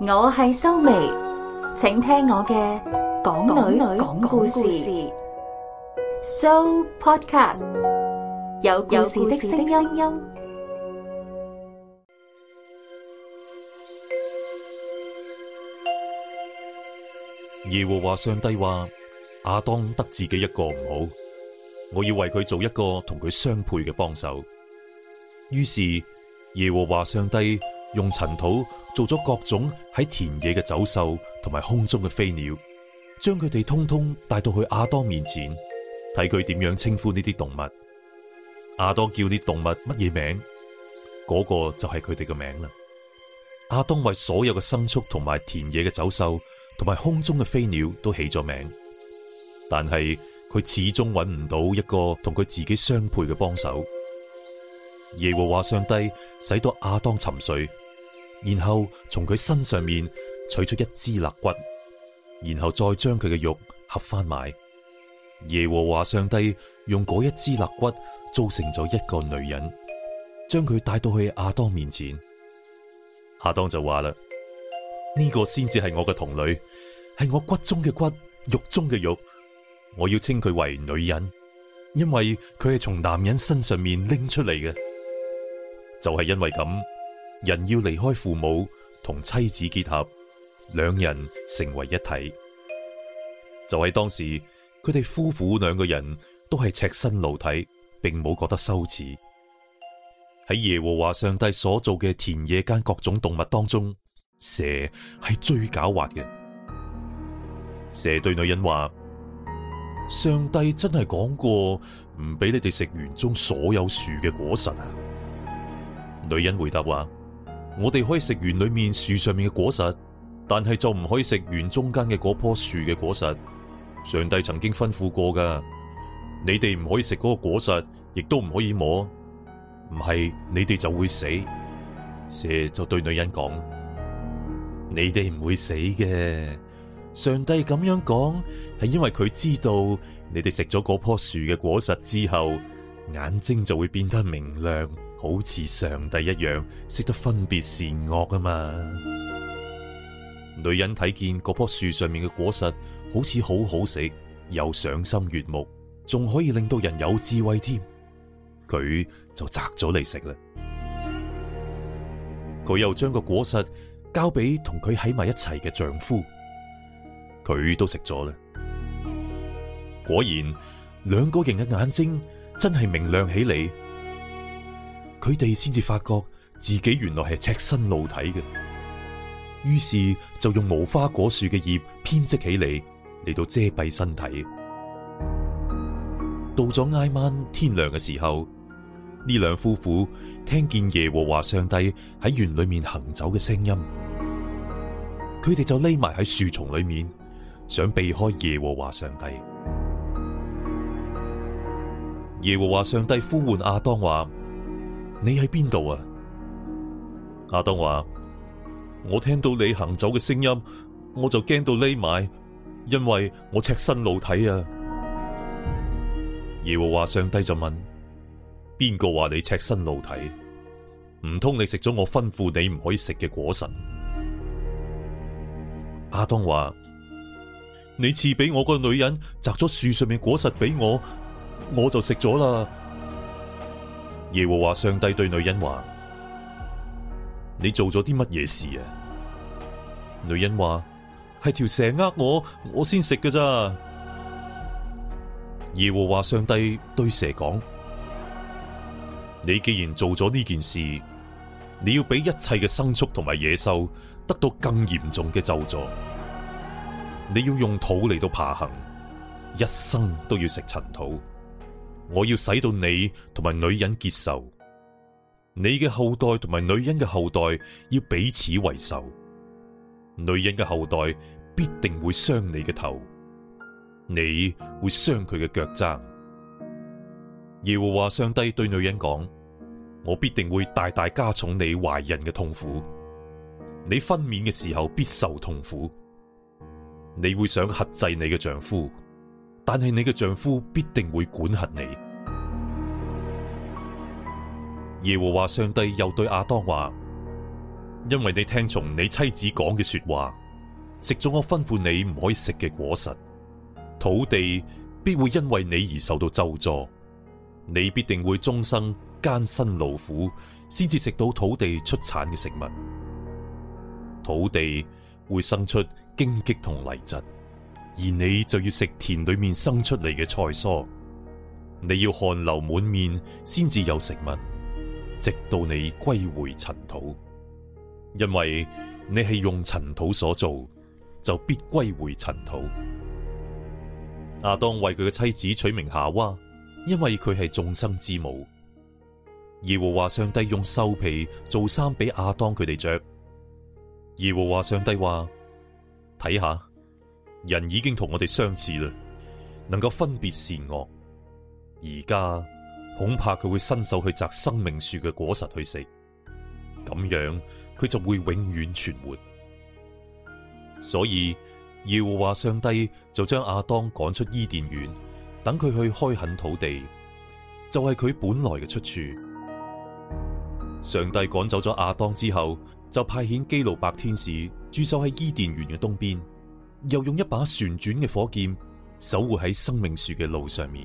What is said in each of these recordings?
我係修眉，請聽我嘅港女女講故事。So podcast 有故事的聲音，音。耶和華上帝話：阿當得自己一個唔好，我要為佢做一個同佢相配嘅幫手。於是耶和華上帝用塵土。做咗各種喺田野嘅走獸同埋空中嘅飛鳥，將佢哋通通帶到去阿當面前，睇佢點樣稱呼呢啲動物。阿當叫呢啲動物乜嘢名，嗰、那個就係佢哋嘅名啦。阿當為所有嘅牲畜同埋田野嘅走獸同埋空中嘅飛鳥都起咗名，但係佢始終揾唔到一個同佢自己相配嘅幫手。耶和華上帝使到阿當沉睡。然後從佢身上面取出一支肋骨，然後再將佢嘅肉合翻埋。耶和華上帝用嗰一支肋骨造成咗一個女人，將佢帶到去亞當面前。亞當就話啦：呢個先至係我嘅童女，係我骨中嘅骨，肉中嘅肉。我要稱佢為女人，因為佢係從男人身上面拎出嚟嘅。就係因為咁。人要離開父母同妻子結合，兩人成為一體。就喺當時，佢哋夫婦兩個人都係赤身露體，並冇覺得羞恥。喺耶和華上帝所造嘅田野間各種動物當中，蛇係最狡猾嘅。蛇對女人話：上帝真係講過唔俾你哋食園中所有樹嘅果實啊！女人回答話：我哋可以食園裏面樹上面嘅果實，但係就唔可以食園中間嘅嗰棵樹嘅果實。上帝曾經吩咐過噶，你哋唔可以食嗰個果實，亦都唔可以摸，唔係你哋就會死。蛇就對女人講：你哋唔會死嘅。上帝咁樣講係因為佢知道你哋食咗嗰棵樹嘅果實之後，眼睛就會變得明亮。好似上帝一樣識得分別善惡㗎嘛！女人睇見嗰棵樹上面嘅果實好似好好食，又賞心悅目，仲可以令到人有智慧添。佢就摘咗嚟食啦。佢又將個果實交俾同佢喺埋一齊嘅丈夫，佢都食咗啦。果然兩個人嘅眼睛真係明亮起嚟。佢哋先至發覺自己原來係赤身露體嘅，於是就用無花果樹嘅葉編織起嚟，嚟到遮蔽身體。到咗挨晚天亮嘅時候，呢兩夫婦聽見耶和華上帝喺園裏面行走嘅聲音，佢哋就匿埋喺樹叢裏面，想避開耶和華上帝。耶和華上帝呼喚阿當話你喺邊度啊？亞當話：我聽到你行走嘅聲音，我就驚到匿埋，因為我赤身露體啊！耶和華上帝就問：邊個話你赤身露體？唔通你食咗我吩咐你唔可以食嘅果實？亞當話：你賜俾我個女人摘咗樹上面果實俾我，我就食咗啦。耶和華上帝對女人話：你做咗啲乜嘢事啊？女人話：係條蛇呃我，我先食嘅咋。耶和華上帝對蛇講：你既然做咗呢件事，你要俾一切嘅牲畜同埋野獸得到更嚴重嘅咒詛。你要用土嚟到爬行，一生都要食塵土。我要使到你同埋女人結仇，你嘅後代同埋女人嘅後代要彼此為仇。女人嘅後代必定會傷你嘅頭，你會傷佢嘅腳踭。耶和華上帝對女人講：我必定會大大加重你懷孕嘅痛苦，你分娩嘅時候必受痛苦。你會想克制你嘅丈夫，但係你嘅丈夫必定會管轄你。耶和華上帝又對亞當話：因為你聽從你妻子講嘅說話，食咗我吩咐你唔可以食嘅果實，土地必會因為你而受到咒詛，你必定會終生艱辛勞苦，先至食到土地出產嘅食物。土地會生出荊棘同泥質，而你就要食田裏面生出嚟嘅菜蔬，你要汗流滿面先至有食物。直到你歸回塵土，因為你係用塵土所做，就必歸回塵土。阿當為佢嘅妻子取名夏娃，因為佢係眾生之母。耶和華上帝用獸皮做衫俾阿當佢哋着。耶和華上帝話：睇下，人已經同我哋相似啦，能夠分別善惡。而家。恐怕佢會伸手去摘生命樹嘅果實去食，咁樣佢就會永遠存活。所以，耶和華上帝就將亞當趕出伊甸園，等佢去開墾土地，就係、是、佢本來嘅出處。上帝趕走咗亞當之後，就派遣基路伯天使駐守喺伊甸園嘅東邊，又用一把旋轉嘅火劍守護喺生命樹嘅路上面。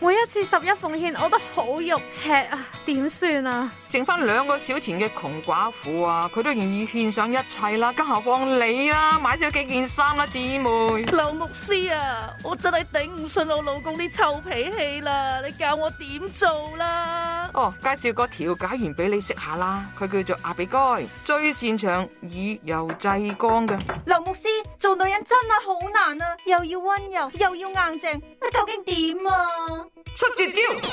每一次十一奉獻我都好肉赤啊，點算啊？剩翻兩個小錢嘅窮寡婦啊，佢都願意獻上一切啦，更何況你啦，買咗幾件衫啦，姊妹。劉牧師啊，我真係頂唔順我老公啲臭脾氣啦，你教我點做啦？哦，介紹個調解員俾你識下啦，佢叫做阿比哥，最擅長以柔制剛㗎。劉牧師，做女人真係好難啊，又要溫柔又要硬淨，究竟點啊？出絕招，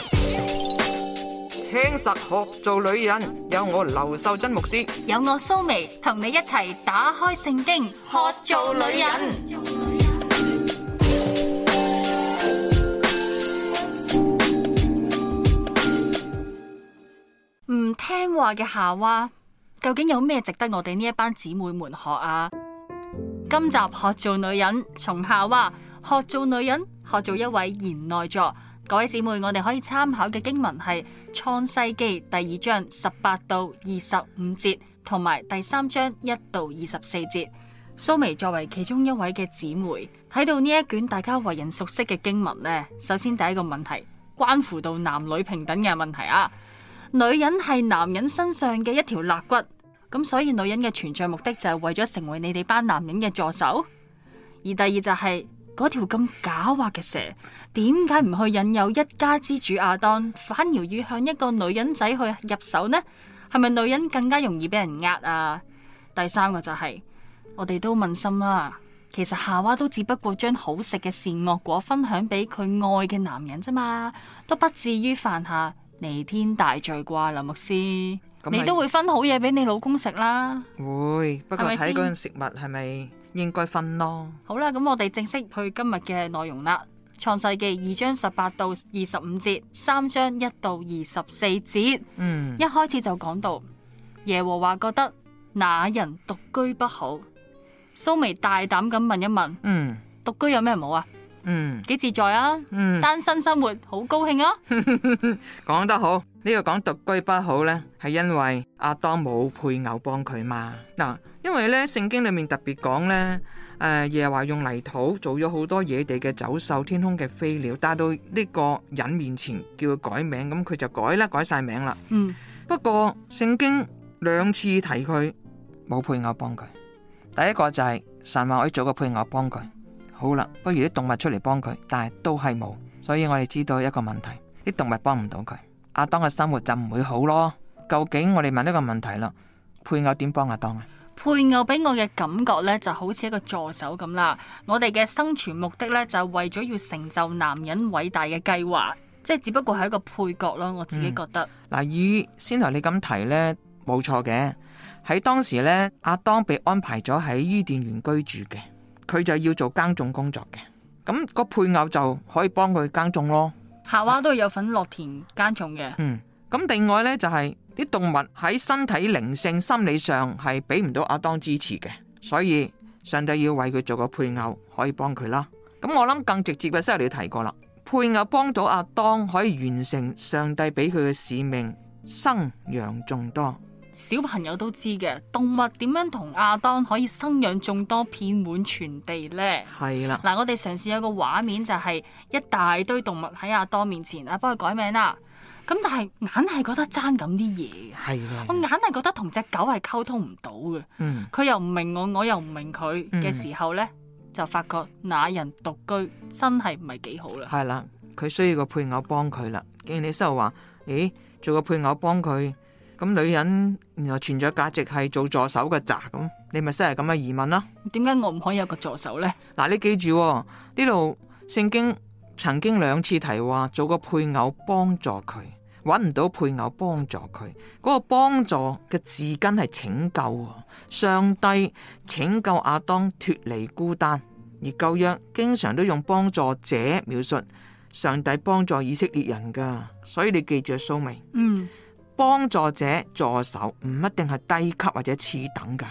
聽實學做女人，有我劉秀珍牧師，有我蘇眉，同你一齊打開聖經學做女人。唔聽話嘅夏娃，究竟有咩值得我哋呢一班姊妹們學啊？今集學做女人，從夏娃學做女人。學做一位賢內助，各位姐妹，我哋可以參考嘅經文係《創世記》第二章十八到二十五節，同埋第三章一到二十四節。蘇眉作為其中一位嘅姊妹，睇到呢一卷大家為人熟悉嘅經文呢，首先第一個問題，關乎到男女平等嘅問題啊！女人係男人身上嘅一條肋骨，咁所以女人嘅存在目的就係為咗成為你哋班男人嘅助手，而第二就係、是。嗰條咁狡猾嘅蛇，點解唔去引誘一家之主亞當，反而要向一個女人仔去入手呢？係咪女人更加容易俾人呃啊？第三個就係我哋都問心啦，其實夏娃都只不過將好食嘅善惡果分享俾佢愛嘅男人啫嘛，都不至於犯下彌天大罪啩？林牧師，你都會分好嘢俾你老公食啦，會，不過睇嗰樣食物係咪？應該瞓咯。好啦，咁我哋正式去今日嘅內容啦。創世記二章十八到二十五節，三章一到二十四節。嗯，一開始就講到耶和華覺得那人獨居不好。鬚眉大膽咁問一問。嗯，獨居有咩唔好啊？嗯，幾自在啊？嗯，單身生活好高興啊？講 得好。呢個講獨居不好咧，係因為阿當冇配偶幫佢嘛。嗱，因為咧聖經裏面特別講咧，誒耶和華用泥土做咗好多野地嘅走獸、天空嘅飛鳥，帶到呢個人面前叫佢改名，咁佢就改啦，改晒名啦。嗯，不過聖經兩次提佢冇配偶幫佢，第一個就係神話可以做個配偶幫佢，好啦，不如啲動物出嚟幫佢，但係都係冇，所以我哋知道一個問題，啲動物幫唔到佢。阿當嘅生活就唔會好咯。究竟我哋問呢個問題啦，配偶點幫阿當啊？配偶俾我嘅感覺咧，就好似一個助手咁啦。我哋嘅生存目的咧，就係為咗要成就男人偉大嘅計劃，即係只不過係一個配角咯。我自己覺得嗱、嗯，以先頭你咁提咧，冇錯嘅。喺當時咧，阿當被安排咗喺伊甸園居住嘅，佢就要做耕種工作嘅。咁個配偶就可以幫佢耕種咯。夏娃都有份落田耕種嘅。嗯，咁另外呢、就係，就係啲動物喺身體、靈性、心理上係俾唔到亞當支持嘅，所以上帝要為佢做個配偶可以幫佢啦。咁、嗯嗯、我諗更直接嘅，先嚟提過啦。配偶幫到亞當可以完成上帝俾佢嘅使命，生養眾多。小朋友都知嘅，動物點樣同亞當可以生養眾多遍滿全地呢？係啦的，嗱、啊，我哋嘗試有個畫面就係一大堆動物喺亞當面前啊，幫佢改名啦。咁但係硬係覺得爭咁啲嘢係我硬係覺得同隻狗係溝通唔到嘅，佢、嗯、又唔明我，我又唔明佢嘅、嗯、時候呢，就發覺那人獨居真係唔係幾好啦。係啦，佢需要個配偶幫佢啦。既然你收話，誒、哎，做個配偶幫佢。咁女人原來存在價值係做助手嘅咋？咁，你咪先係咁嘅疑問啦。點解我唔可以有個助手呢？嗱、啊，你記住呢度聖經曾經兩次提話做個配偶幫助佢，揾唔到配偶幫助佢，嗰、那個幫助嘅字根係拯救、哦、上帝拯救亞當脫離孤單，而舊約經常都用幫助者描述上帝幫助以色列人噶，所以你記住蘇明嗯。幫助者、助手唔一定係低級或者次等噶，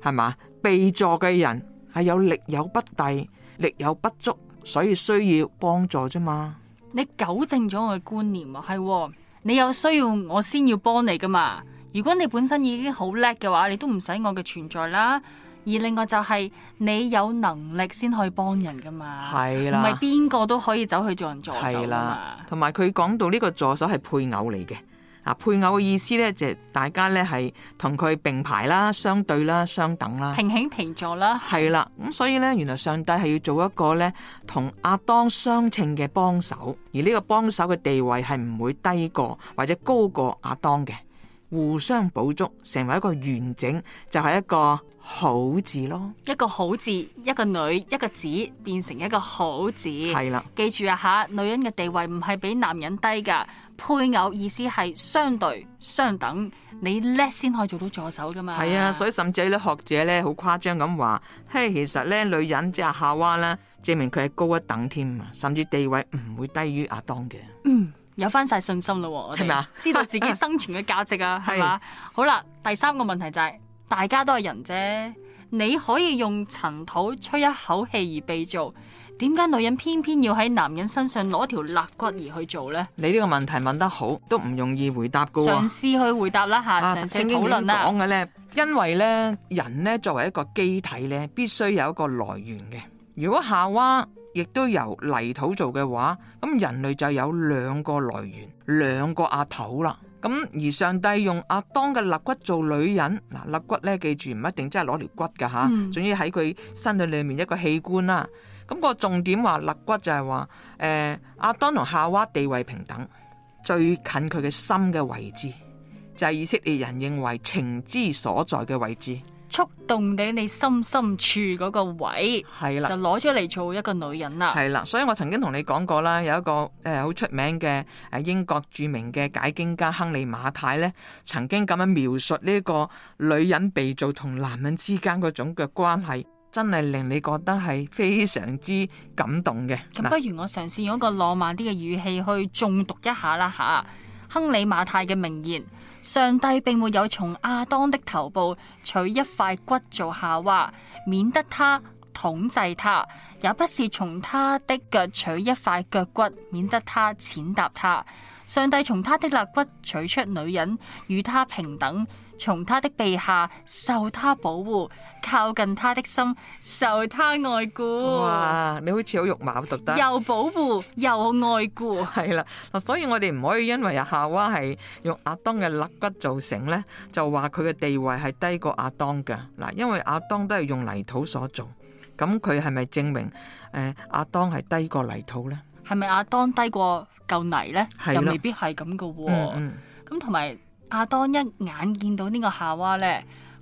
係嘛？被助嘅人係有力有不逮，力有不足，所以需要幫助啫嘛。你糾正咗我嘅觀念啊，係、哦、你有需要我先要幫你噶嘛？如果你本身已經好叻嘅話，你都唔使我嘅存在啦。而另外就係、是、你有能力先可以幫人噶嘛。係啦，唔係邊個都可以走去做人助手啊嘛。同埋佢講到呢個助手係配偶嚟嘅。配偶嘅意思咧，就大家咧，係同佢並排啦，相對啦，相等啦、平起平坐啦。係啦，咁所以咧，原來上帝係要做一個咧，同阿當相稱嘅幫手，而呢個幫手嘅地位係唔會低過或者高過阿當嘅，互相補足，成為一個完整，就係、是、一個好字咯。一個好字，一個女一個子變成一個好字。係啦的，記住啊吓，女人嘅地位唔係比男人低噶。配偶意思係相對相等，你叻先可以做到助手噶嘛？係啊，所以甚至有啲學者咧，好誇張咁話：嘿，其實咧，女人即係夏娃啦，證明佢係高一等添啊，甚至地位唔會低於阿當嘅。嗯，有翻晒信心咯，係咪啊？吧知道自己生存嘅價值啊，係嘛？ 好啦，第三個問題就係、是，大家都係人啫，你可以用塵土吹一口氣而被造。點解女人偏偏要喺男人身上攞條肋骨而去做呢？你呢個問題問得好，都唔容易回答噶、啊。嘗試去回答啦，吓、啊，聖、啊、經啦。點講嘅咧？因為咧，人咧作為一個機體咧，必須有一個來源嘅。如果夏娃亦都由泥土做嘅話，咁人類就有兩個來源，兩個阿頭啦。咁而上帝用亞當嘅肋骨做女人，嗱、啊、肋骨咧，記住唔一定真係攞條骨嘅吓，啊嗯、總之喺佢身體裏面一個器官啦。咁個重點話肋骨就係話，誒亞當同夏娃地位平等，最近佢嘅心嘅位置，就係以色列人認為情之所在嘅位置，觸動緊你心深處嗰個位，係啦，就攞出嚟做一個女人啦。係啦，所以我曾經同你講過啦，有一個誒好出名嘅誒英國著名嘅解經家亨利馬太呢，曾經咁樣描述呢個女人被造同男人之間嗰種嘅關係。真係令你覺得係非常之感動嘅。咁不如我嘗試用一個浪漫啲嘅語氣去誦讀一下啦吓，亨利馬太嘅名言：上帝並沒有從亞當的頭部取一塊骨做夏娃，免得他統制他；也不是從他的腳取一塊腳骨，免得他踐踏他。上帝從他的肋骨取出女人，與他平等。從他的臂下受他保護，靠近他的心，受他愛顧。哇，你好似好肉麻，讀得又保護又愛顧，係啦 所以我哋唔可以因為啊夏娃係用亞當嘅肋骨造成咧，就話佢嘅地位係低過亞當嘅嗱，因為亞當都係用泥土所做，咁佢係咪證明誒亞當係低過泥土咧？係咪亞當低過嚿泥咧？的又未必係咁噶喎，咁同埋。嗯嗯阿當一眼見到呢個夏娃呢，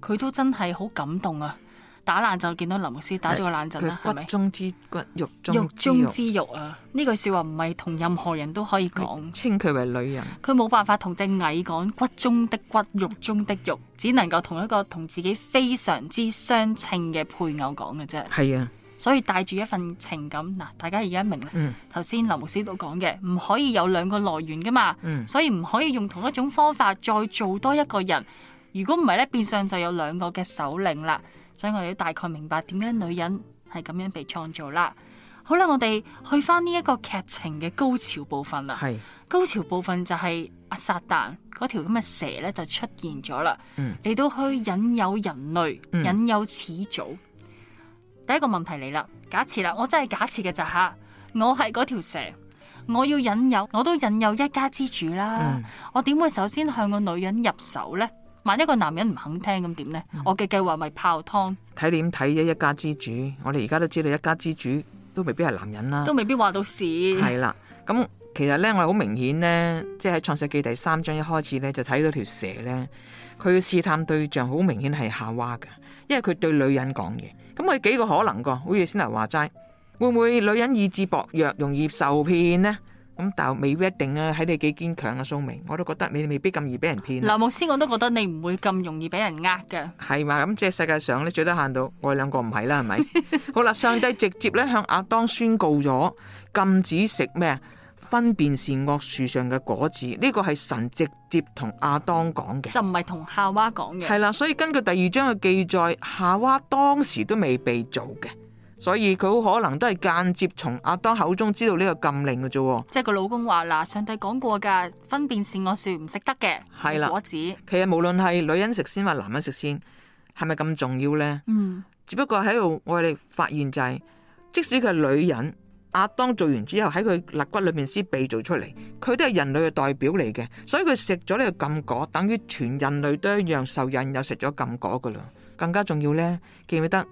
佢都真係好感動啊！打冷就見到林牧師打咗個冷震啦、啊，係咪？骨中之骨，肉中肉，肉中之肉啊！呢句說話唔係同任何人都可以講，她稱佢為女人，佢冇辦法同隻蟻講骨中的骨，肉中的肉，只能夠同一個同自己非常之相稱嘅配偶講嘅啫。係啊。所以帶住一份情感，嗱，大家而家明啦。頭先林牧師都講嘅，唔可以有兩個來源噶嘛。嗯、所以唔可以用同一種方法再做多一個人。如果唔係咧，變相就有兩個嘅首領啦。所以我哋都大概明白點解女人係咁樣被創造啦。好啦，我哋去翻呢一個劇情嘅高潮部分啦。是高潮部分就係阿撒但嗰條咁嘅蛇咧就出現咗啦，嚟、嗯、到去引誘人類，引誘始祖。嗯第一個問題嚟啦，假設啦，我真係假設嘅就吓，我係嗰條蛇，我要引誘，我都引誘一家之主啦。嗯、我點會首先向個女人入手呢？萬一一個男人唔肯聽咁點呢？我嘅計劃咪泡湯？睇點睇啫？一家之主，我哋而家都知道，一家之主都未必係男人啦，都未必話到事係啦。咁其實咧，我係好明顯呢，即係喺創世紀第三章一開始呢，就睇到條蛇呢，佢嘅試探對象好明顯係夏娃噶，因為佢對女人講嘢。咁佢幾個可能噶，好似先頭話齋，會唔會女人意志薄弱，容易受騙呢？咁但未必一定啊，喺你幾堅強嘅蘇明，我都覺得你未必咁易俾人騙。劉牧師，我都覺得你唔會咁容易俾人呃嘅。係嘛，咁即係世界上咧，最多限到我哋兩個唔係啦，係咪？ 好啦，上帝直接咧，向亞當宣告咗禁止食咩啊？分辨善惡樹上嘅果子，呢個係神直接同阿當講嘅，就唔係同夏娃講嘅。係啦，所以根據第二章嘅記載，夏娃當時都未被造嘅，所以佢好可能都係間接從阿當口中知道呢個禁令嘅啫。即係個老公話嗱，上帝講過噶，分辨善惡樹唔食得嘅果子。其實無論係女人食先，或男人食先，係咪咁重要咧？嗯，只不過喺度我哋發現就係，即使佢係女人。亞當做完之後喺佢肋骨裏面先被做出嚟，佢都係人類嘅代表嚟嘅，所以佢食咗呢個禁果，等於全人類都一樣受引，又食咗禁果噶啦。更加重要咧，記唔記得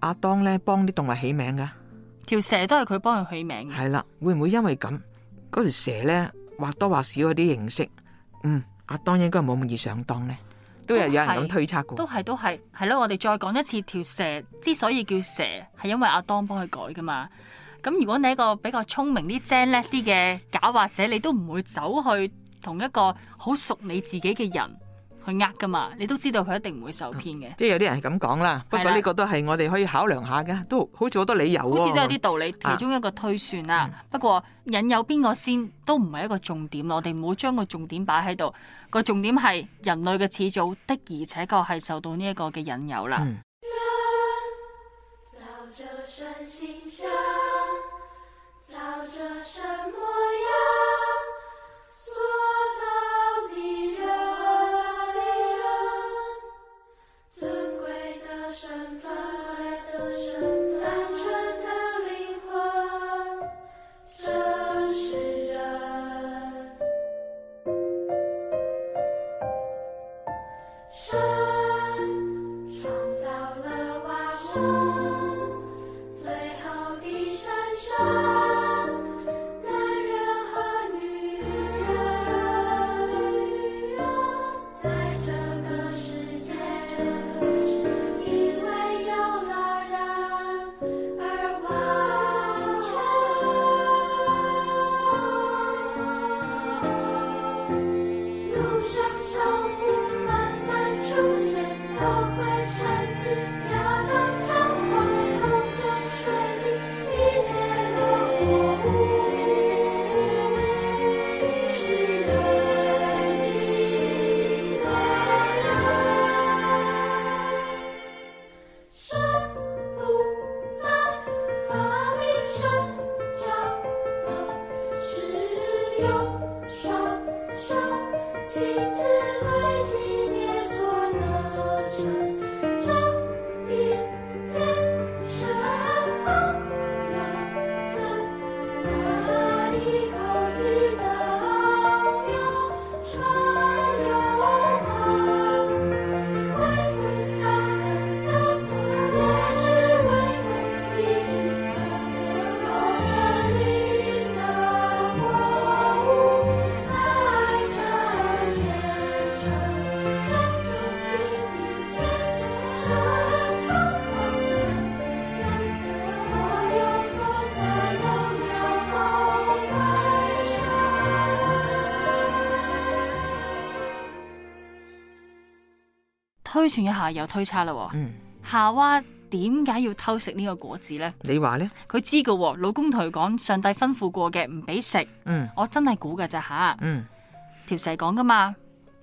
亞當咧幫啲動物起名噶，條蛇都係佢幫佢起名嘅，係啦。會唔會因為咁嗰條蛇咧或多或少有啲認識？嗯，亞當應該冇咁容易上當咧，都係有人咁推測過，都係都係係咯。我哋再講一次，條蛇之所以叫蛇，係因為亞當幫佢改噶嘛。咁如果你一個比較聰明啲、精叻啲嘅狡猾者，你都唔會走去同一個好熟你自己嘅人去呃噶嘛？你都知道佢一定唔會受騙嘅、嗯。即係有啲人係咁講啦，的不過呢個都係我哋可以考量下噶，都好似好多理由、哦。好似都有啲道理，啊、其中一個推算啦。嗯、不過引誘邊個先都唔係一個重點。我哋唔好將個重點擺喺度。個重點係人類嘅始祖，的而且確係受到呢一個嘅引誘啦。嗯抱着什麼呀？推算一下又推測啦、哦，夏娃點解要偷食呢個果子呢？你話呢？佢知噶、哦，老公同佢講上帝吩咐過嘅，唔俾食。嗯，我真係估噶咋吓？啊、嗯，條蛇講噶嘛，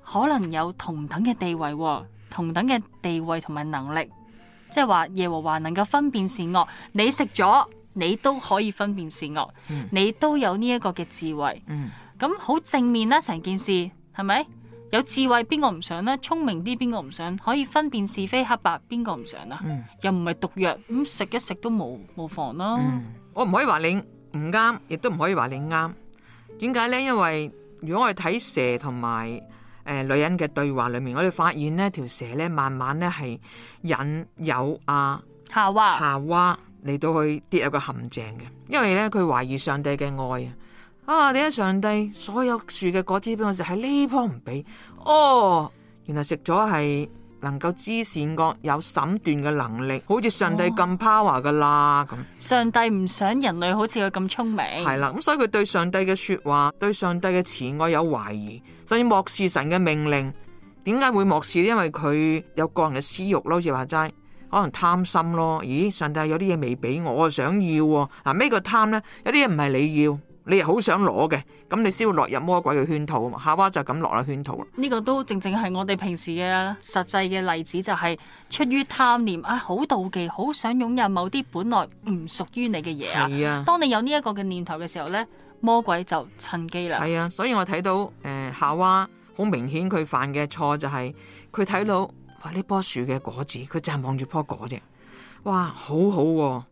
可能有同等嘅地位、哦，同等嘅地位同埋能力，即係話耶和華能夠分辨善惡，你食咗，你都可以分辨善惡，嗯、你都有呢一個嘅智慧。嗯，咁好正面啦、啊，成件事係咪？有智慧邊個唔想咧？聰明啲邊個唔想？可以分辨是非黑白邊個唔想啊？嗯、又唔係毒藥咁食一食都冇冇妨咯。嗯、我唔可以話你唔啱，亦都唔可以話你啱。點解呢？因為如果我哋睇蛇同埋誒女人嘅對話裏面，我哋發現呢條蛇咧，慢慢咧係引誘啊夏娃夏娃嚟到去跌入個陷阱嘅，因為咧，佢懷疑上帝嘅愛啊。啊！點解上帝所有樹嘅果子俾我食，喺呢棵唔俾？哦，原來食咗係能夠知善惡，有審斷嘅能力，好似上帝咁 power 噶啦咁。上帝唔想人類好似佢咁聰明，係啦。咁所以佢對上帝嘅說話，對上帝嘅慈愛有懷疑，甚至漠視神嘅命令。點解會漠視？因為佢有個人嘅私慾咯，好似話齋可能貪心咯。咦，上帝有啲嘢未俾我，我想要嗱。咩、啊、個貪咧？有啲嘢唔係你要。你好想攞嘅，咁你先會落入魔鬼嘅圈套啊嘛！夏娃就咁落咗圈套啦。呢個都正正係我哋平時嘅實際嘅例子、就是，就係出於貪念啊，好、哎、妒忌，好想擁有某啲本來唔屬於你嘅嘢啊！當你有呢一個嘅念頭嘅時候呢，魔鬼就趁機啦。係啊，所以我睇到誒、呃，夏娃好明顯佢犯嘅錯就係佢睇到哇呢棵樹嘅果子，佢就係望住棵果啫，哇，好好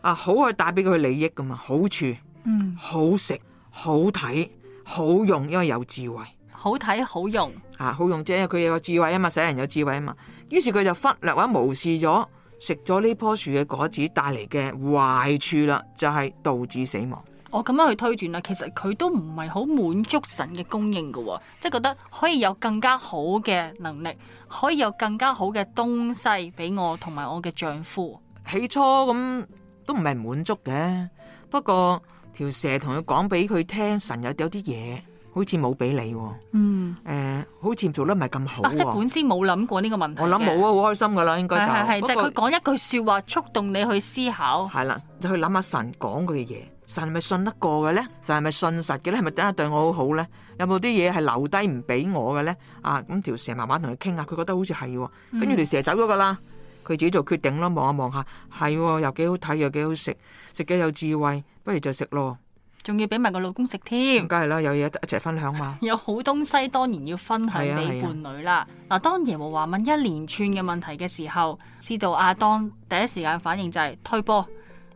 啊，好去以帶俾佢利益噶嘛，好處。嗯，好食、好睇、好用，因為有智慧。好睇、好用啊！好用，即係佢有智慧啊！嘛，使人有智慧啊！嘛，於是佢就忽略或者無視咗食咗呢棵樹嘅果子帶嚟嘅壞處啦，就係導致死亡。我咁樣去推斷啦。其實佢都唔係好滿足神嘅供應噶喎，即係覺得可以有更加好嘅能力，可以有更加好嘅東西俾我同埋我嘅丈夫。起初咁都唔係滿足嘅，不過。條蛇同佢講俾佢聽，神有有啲嘢，好似冇俾你，啊，嗯，誒、欸，好似做得唔係咁好，啊啊，即係本先冇諗過呢個問題我。我諗冇啊，好開心噶啦，應該就係係係，不過佢講一句說話，觸動你去思考。係啦，就去諗下神講佢嘅嘢，神係咪信得過嘅咧？神係咪信實嘅咧？係咪等下對我好好咧？有冇啲嘢係留低唔俾我嘅咧？啊，咁，嗯，條蛇慢慢同佢傾下，佢覺得好似係，哦，跟住條蛇走咗噶啦，佢自己做決定啦，望一望下，係又幾好睇，又幾好食，食嘅有，有智慧。不如就食咯，仲要俾埋個老公食添，梗係啦，有嘢一齊分享嘛。 有好東西當然要分享俾伴侶啦。嗱、啊，啊、當耶和華問一連串嘅問題嘅時候，知道阿當第一時間反應就係、是、推波，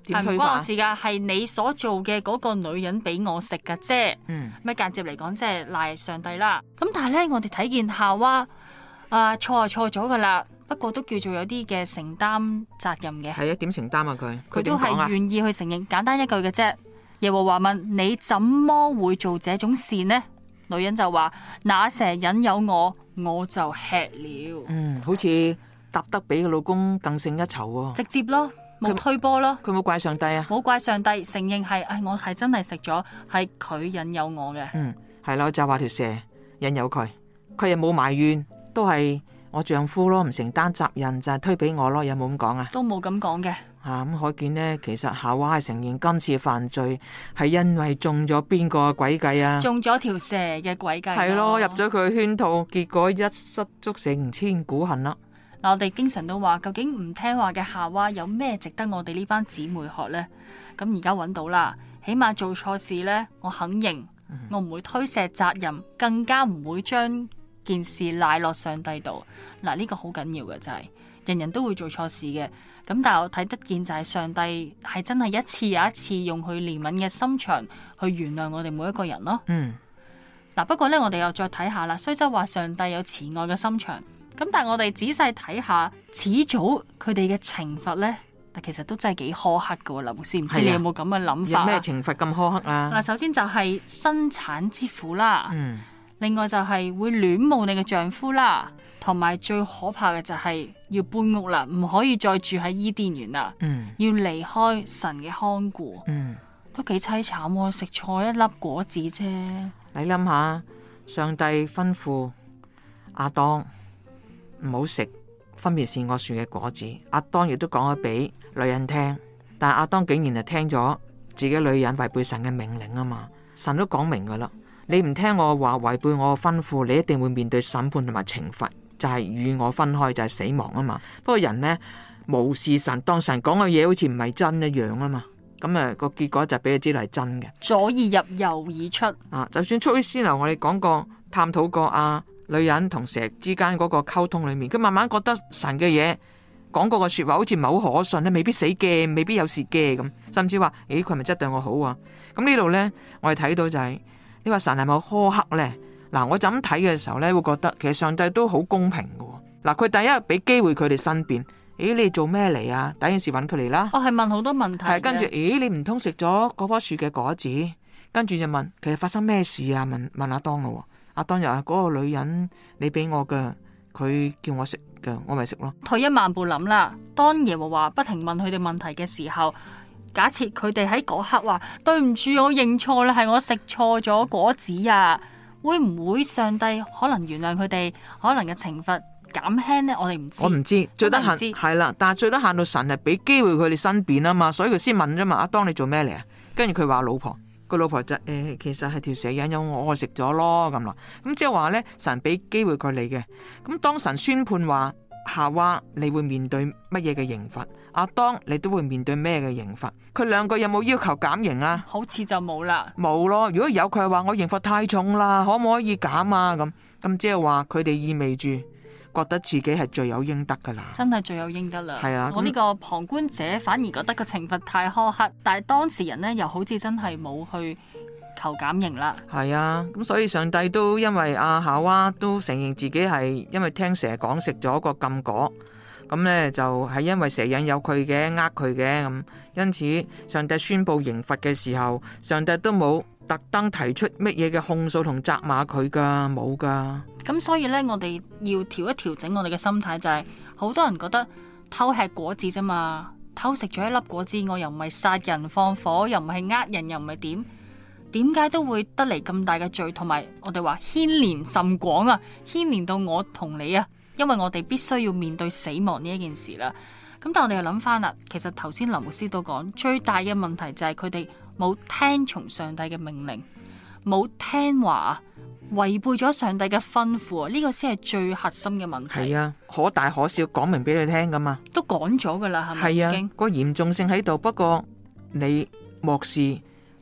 唔關我的事噶，係你所做嘅嗰個女人俾我食噶啫。嗯，咁間接嚟講即係賴上帝啦。咁但係咧，我哋睇見夏娃，啊錯就錯咗噶啦。錯不過都叫做有啲嘅承擔責任嘅，係啊？點承擔啊？佢佢都係願意去承認，簡單一句嘅啫。耶和華問：你怎麼會做這種事呢？女人就話：那蛇引誘我，我就吃了。嗯，好似答得比個老公更勝一籌喎。哦，直接咯，冇推波咯。佢冇怪上帝啊？冇怪上帝，承認係，唉，哎，我係真係食咗，係佢引誘我嘅。嗯，係啦，就話條蛇引誘佢，佢又冇埋怨，都係。我丈夫咯，唔承擔責任，就係推俾我咯，有冇咁講啊？都冇咁講嘅。啊，咁可見呢，其實夏娃係承認今次犯罪係因為中咗邊個詭計啊？中咗條蛇嘅詭計。係咯，入咗佢圈套，結果一失足成千古恨咯。嗱、嗯，我哋經常都話，究竟唔聽話嘅夏娃有咩值得我哋呢班姊妹學呢？咁而家揾到啦，起碼做錯事呢，我肯認，我唔會推卸責任，更加唔會將。件事賴落上帝度，嗱呢、呢個好緊要嘅就係、係、人人都會做錯事嘅，咁但係我睇得見就係上帝係真係一次又一次用佢憐憫嘅心腸去原諒我哋每一個人咯。嗯，嗱不過呢，我哋又再睇下啦，雖則話上帝有慈愛嘅心腸，咁但係我哋仔細睇下，始祖佢哋嘅懲罰呢，但其實都真係幾苛刻噶。林牧師唔知你、啊、有冇咁嘅諗法？咩懲罰咁苛刻啊？嗱，首先就係生產之苦啦。嗯。另外就係會戀慕你嘅丈夫啦，同埋最可怕嘅就係要搬屋啦，唔可以再住喺伊甸園啦，嗯、要離開神嘅看顧，嗯、都幾淒慘喎。食錯一粒果子啫。你諗下，上帝吩咐阿當唔好食分別善惡樹嘅果子，阿當亦都講咗俾女人聽，但阿當竟然就聽咗自己女人違背神嘅命令啊嘛，神都講明噶啦。你唔聽我話，違背我吩咐，你一定會面對審判同埋懲罰，就係、是、與我分開，就係、是、死亡啊嘛。不過人呢，無視神，當神講嘅嘢，好似唔係真一樣啊嘛。咁啊個結果就俾佢知係真嘅，左耳入右耳出啊。就算出於先頭，我哋講過探討過啊，女人同蛇之間嗰個溝通裏面，佢慢慢覺得神嘅嘢講過嘅說話好似唔係好可信咧，未必死嘅，未必有事嘅咁，甚至話，誒，佢係咪真對我好啊？咁呢度呢，我哋睇到就係、是。你話神係咪好苛刻咧？嗱，我就咁睇嘅時候咧，會覺得其實上帝都好公平嘅。嗱，佢第一俾機會佢哋申辯，誒，你做咩嚟啊？第一件事揾佢嚟啦。我係問好多問題。係，跟住，誒，你唔通食咗嗰棵樹嘅果子？跟住就問，其實發生咩事啊？問問阿當啦、啊。阿當又話：嗰、那個女人你俾我嘅，佢叫我食嘅，我咪食咯。退一萬步諗啦，當耶和華不停問佢哋問題嘅時候。假設佢哋喺嗰刻話，對唔住，我認錯啦，係我食錯咗果子啊，會唔會上帝可能原諒佢哋，可能嘅懲罰減輕呢？我哋唔知，我唔知，最得閒係啦，但係最得閒到神係俾機會佢哋申辯啊嘛，所以佢先問啫嘛。阿、啊、當，你做咩嚟啊？跟住佢話老婆，個老婆就誒、欸，其實係條蛇引誘我，我食咗咯咁啦。咁即係話咧，神俾機會佢嚟嘅。咁當神宣判話夏娃，你會面對乜嘢嘅刑罰？阿當，你都會面對咩嘅刑罰？佢兩個有冇要求減刑啊？好似就冇啦，冇咯。如果有佢係話我刑罰太重啦，可唔可以減啊？咁咁即係話佢哋意味住覺得自己係罪有應得噶啦，真係罪有應得啦。係啊，我呢個旁觀者反而覺得個懲罰太苛刻，但係當事人呢又好似真係冇去求減刑啦。係啊，咁所以上帝都因為阿、啊、夏娃都承認自己係因為聽蛇講食咗個禁果。咁呢、嗯，就係、是、因為蛇引誘佢嘅，呃佢嘅咁，因此上帝宣佈刑罰嘅時候，上帝都冇特登提出乜嘢嘅控訴同責罵佢噶，冇噶。咁所以呢，我哋要調一調整我哋嘅心態、就是，就係好多人覺得偷吃果子啫嘛，偷食咗一粒果子，我又唔係殺人放火，又唔係呃人，又唔係點，點解都會得嚟咁大嘅罪，同埋我哋話牽連甚廣啊，牽連到我同你啊。因為我哋必須要面對死亡呢一件事啦，咁但我哋又諗翻啦，其實頭先林牧師都講最大嘅問題就係佢哋冇聽從上帝嘅命令，冇聽話，違背咗上帝嘅吩咐，呢個先係最核心嘅問題。係啊，可大可小，講明俾你聽噶嘛。都講咗噶啦，係咪？係啊，個嚴重性喺度，不過你漠視、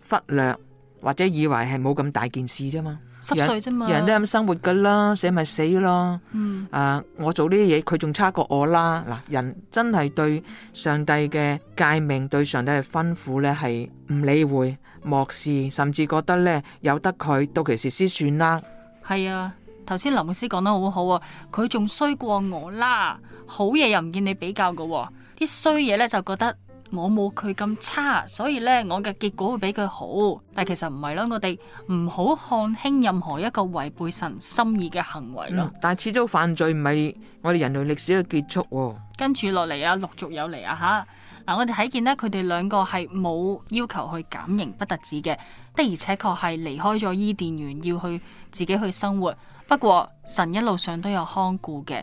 忽略或者以為係冇咁大件事啫嘛。十歲啫嘛，人都咁生活噶啦，死咪死咯。誒、嗯啊，我做呢啲嘢，佢仲差過我啦。嗱，人真係對上帝嘅誡命，對上帝嘅吩咐咧，係唔理會、漠視，甚至覺得咧由得佢，到其時先算啦。係啊，頭先林牧師講得好好啊，佢仲衰過我啦，好嘢又唔見你比較噶、啊，啲衰嘢咧就覺得。我冇佢咁差，所以咧我嘅結果會比佢好，但其實唔係咯，我哋唔好看輕任何一個違背神心意嘅行為咯、嗯。但係始終犯罪唔係我哋人類歷史嘅結束、哦。跟住落嚟啊，陸續有嚟啊吓，嗱、啊、我哋睇見呢，佢哋兩個係冇要求去減刑不得止嘅，的而且確係離開咗伊甸園要去自己去生活。不過神一路上都有看顧嘅。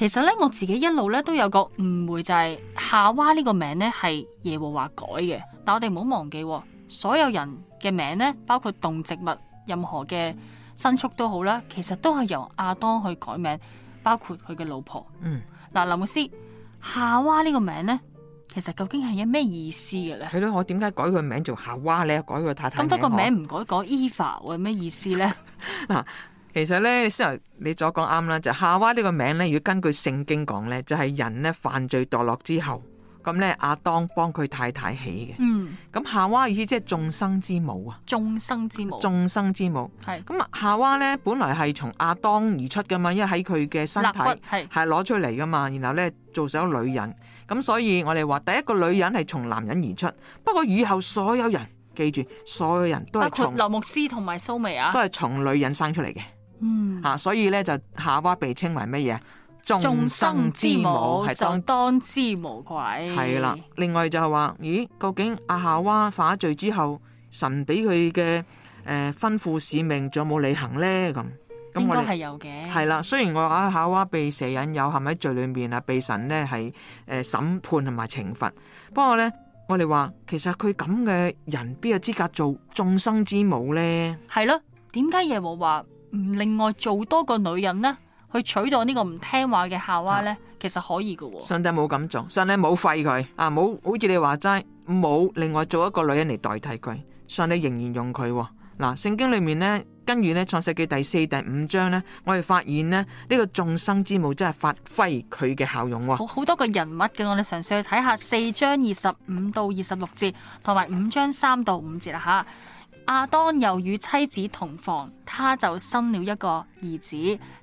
其實咧，我自己一路咧都有個誤會，就係、是、夏娃呢個名咧係耶和華改嘅。但我哋唔好忘記，所有人嘅名咧，包括動植物，任何嘅牲畜都好啦，其實都係由亞當去改名，包括佢嘅老婆。嗯，嗱、呃，林牧師，夏娃呢個名咧，其實究竟係有咩意思嘅咧？係咯，我點解改佢名做夏娃咧？改佢太太咁多個名唔改改 e 伊娃？我 Eva, 有咩意思咧？嗱。 其實咧，你先頭你所講啱啦，就夏娃呢個名咧，如果根據聖經講咧，就係人咧犯罪墮落之後，咁咧阿當幫佢太太起嘅。嗯。咁夏娃意思即係眾生之母啊。眾生之母。眾生之母。係。咁啊是，夏娃咧本來係從阿當而出噶嘛，因為喺佢嘅身體係攞出嚟噶嘛，然後咧做成咗女人。咁所以我哋話第一個女人係從男人而出，不過以後所有人記住，所有人都係從。包括羅慕斯同埋蘇薇啊。都係從女人生出嚟嘅。嗯吓，啊，所以咧就夏娃被稱為乜嘢眾生之母係當，當之無愧係啦。另外就係話咦，究竟阿夏娃犯咗罪之後，神俾佢嘅誒吩咐使命仲有冇履行咧？咁咁，應該係有嘅係啦。雖然我話阿夏娃被蛇引誘，係咪喺罪裏面啊？被神咧係誒審判同埋懲罰。不過咧，我哋話其實佢咁嘅人，邊有資格做眾生之母咧？係咯？點解嘢冇話？唔，另外做多個女人呢，去取代呢個唔聽話嘅夏娃呢，其實可以嘅喎，上帝冇咁做，上帝冇廢佢啊，冇好似你話齋，冇另外做一個女人嚟代替佢。上帝仍然用佢喎。嗱，聖經裏面呢，跟住呢，創世紀第四、第五章呢，我哋發現呢，呢個眾生之母真係發揮佢嘅效用喎。好，好多個人物嘅，我哋嘗試去睇下四章二十五到二十六節，同埋五章三到五節啦吓。阿當又與妻子同房，他就生了一個兒子，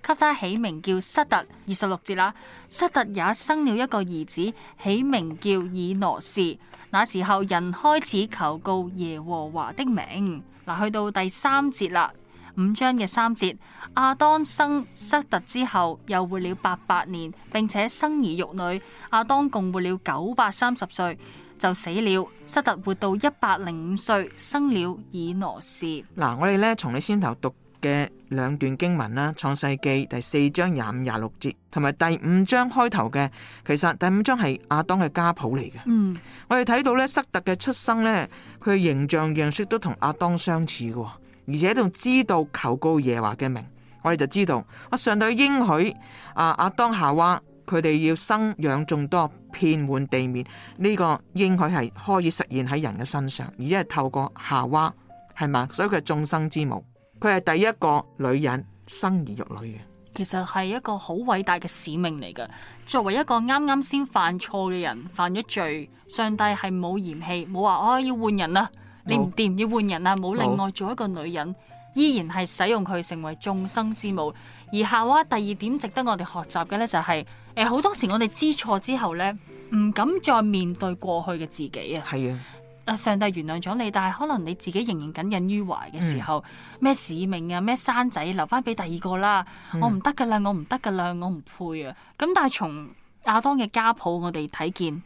給他起名叫塞特。二十六節啦，塞特也生了一個兒子，起名叫以諾士。那時候人開始求告耶和華的名。嗱，去到第三節啦，五章嘅三節，阿當生塞特之後，又活了八百年，並且生兒育女，阿當共活了九百三十歲。就死了，塞特活到一百零五歲，生了以挪士。嗱、啊，我哋咧從你先頭讀嘅兩段經文啦，《創世記》第四章廿五廿六節，同埋第五章開頭嘅，其實第五章係亞當嘅家譜嚟嘅。嗯，我哋睇到咧塞特嘅出生咧，佢嘅形象樣式都同亞當相似嘅，而且仲知道求告耶和華嘅名，我哋就知道，啊上帝應許啊亞當夏娃。佢哋要生養眾多，遍滿地面，呢個應許係可以實現喺人嘅身上，而且係透過夏娃，係嘛？所以佢係眾生之母，佢係第一個女人生兒育女嘅。其實係一個好偉大嘅使命嚟㗎。作為一個啱啱先犯錯嘅人，犯咗罪，上帝係冇嫌棄，冇話哦要換人啊，你唔掂要換人啊，冇另外做一個女人，好依然係使用佢成為眾生之母。而夏娃第二點值得我哋學習嘅呢，就係。誒，好多時我哋知錯之後咧，唔敢再面對過去嘅自己啊。係啊的，誒，上帝原諒咗你，但係可能你自己仍然耿耿於懷嘅時候，咩、嗯、使命啊，咩生仔留翻俾第二個啦，我唔得噶啦，我唔得噶啦，我唔配啊。咁但係從亞當嘅家譜，我哋睇見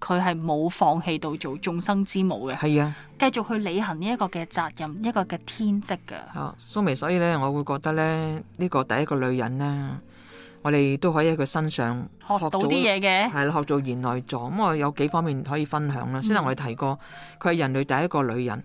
佢係冇放棄到做眾生之母嘅。係啊的，繼續去履行呢一個嘅責任，一個嘅天職噶。哦的，蘇眉，所以咧，我會覺得咧，呢個第一個女人咧。我哋都可以喺佢身上學，學到啲嘢嘅。係啦、啊，學做賢內助。咁我有幾方面可以分享啦。先頭我哋提過，佢係人類第一個女人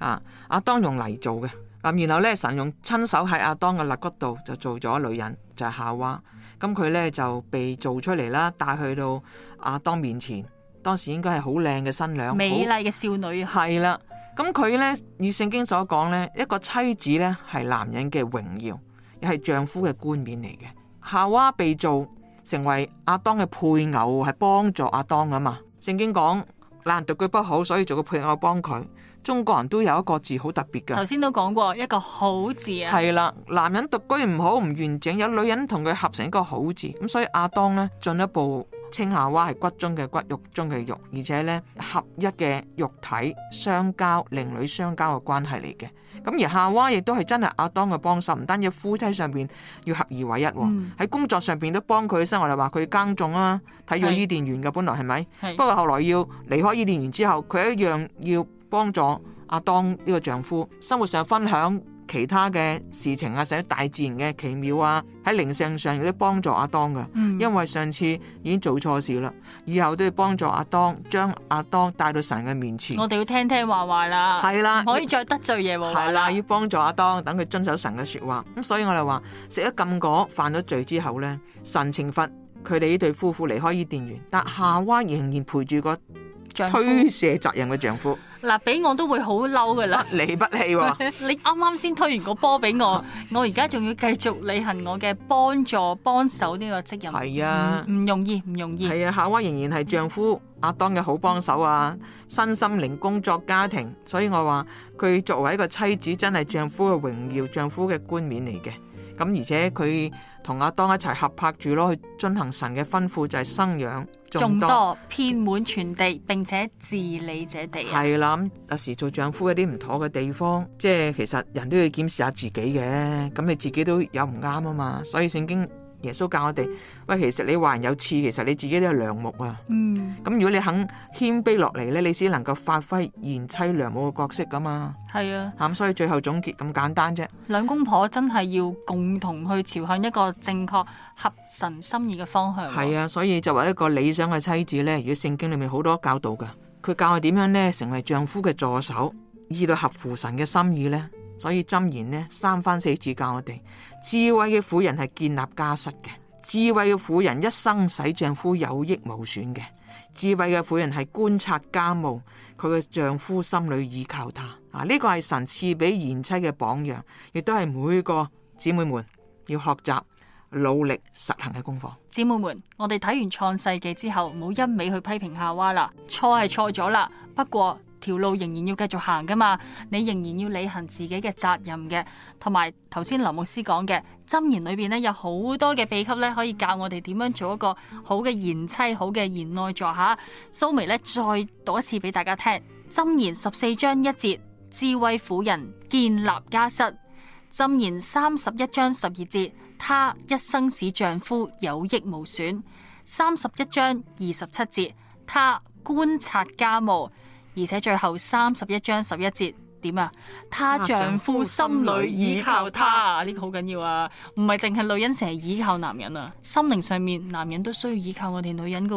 啊。阿當用泥做嘅咁，然後咧神用親手喺阿當嘅肋骨度就做咗女人，就係、是、夏娃。咁佢咧就被做出嚟啦，帶去到阿當面前。當時應該係好靚嘅新娘，美麗嘅少女。係啦好，咁佢咧，以聖經所講咧，一個妻子咧係男人嘅榮耀，又係丈夫嘅冠冕嚟嘅。夏娃被做成為阿當嘅配偶，係幫助阿當㗎嘛？聖經講，那人獨居不好，所以做個配偶幫佢。中國人都有一個字好特別㗎，頭先都講過一個好字啊。係啦，男人獨居唔好唔完整，有女人同佢合成一個好字。咁所以阿當呢，進一步稱夏娃係骨中嘅骨、肉中嘅肉，而且呢合一嘅肉體相交、靈女相交嘅關係嚟嘅。咁而夏娃亦都係真係阿當嘅幫手，唔單止夫妻上邊要合二為一喎，喺、嗯、工作上邊都幫佢。生我哋話佢耕種啊，睇咗伊甸園嘅本來係咪？是不，是是不過後來要離開伊甸園之後，佢一樣要幫助阿當呢個丈夫，生活上分享。其他嘅事情啊，或者大自然嘅奇妙啊，喺靈性上有啲幫助阿當嘅，嗯，因為上次已經做錯事啦，以後都要幫助阿當，將阿當帶到神嘅面前。我哋要聽聽話話啦，係啦，可以再得罪嘢，係啦，要幫助阿當，等佢遵守神嘅說話。咁所以我哋話食咗禁果犯咗罪之後咧，神懲罰佢哋呢對夫婦離開伊甸園，但夏娃仍然陪住個推卸責任嘅丈夫。嗱，俾我都會好嬲噶啦，不離不棄喎，啊！ 你啱啱先推完個波俾我， 我而家仲要繼續履行我嘅幫助幫手呢個職任，係啊，唔、嗯、容易，唔容易。係啊，夏娃仍然係丈夫阿當嘅好幫手啊，身心靈工作、家庭，所以我話佢作為一個妻子，真係丈夫嘅榮耀，丈夫嘅冠冕嚟嘅。咁而且佢。同阿當一齊合拍住咯，去進行神嘅吩咐，就係生養眾多、遍滿全地，並且治理者地。係啦，有時做丈夫一啲唔妥嘅地方，即係其實人都要檢視下自己嘅。咁你自己都有唔啱啊嘛，所以聖經。耶穌教我哋，喂，其實你話人有刺，其實你自己都有梁木啊。嗯，咁如果你肯謙卑落嚟咧，你先能夠發揮賢妻良母嘅角色噶嘛。係啊，咁、啊、所以最後總結咁簡單啫。兩公婆真係要共同去朝向一個正確合神心意嘅方向。啊。係啊，所以作為一個理想嘅妻子咧，如果聖經裏面好多教導噶，佢教我點樣咧成為丈夫嘅助手，以到合乎神嘅心意咧。所以箴言呢，三番四次教我哋，智慧嘅婦人係建立家室嘅，智慧嘅婦人一生使丈夫有益無損嘅，智慧嘅婦人係觀察家務，佢嘅丈夫心裏倚靠她。啊，呢個係神賜俾賢妻嘅榜樣，亦都係每個姊妹們要學習、努力實行嘅功課。姊妹們，我哋睇完創世紀之後，唔好一味去批評夏娃啦，錯係錯咗啦，不過。條路仍然要繼續行噶嘛。你仍然要履行自己嘅責任嘅，同埋頭先，劉牧師講嘅箴言裏邊咧，有好多嘅秘笈咧，可以教我哋點樣做一個好嘅賢妻，好嘅賢內助吓。蘇眉咧，再讀一次俾大家聽箴言十四章一節，智慧婦人建立家室；箴言三十一章十二節，她一生使丈夫有益無損；三十一章二十七節，她觀察家務。而且最後三十一章十一節，點啊，她丈夫心裏倚靠她啊，呢個好緊要啊，唔係淨係女人成日倚靠男人啊，心靈上面男人都需要倚靠我哋女人噶。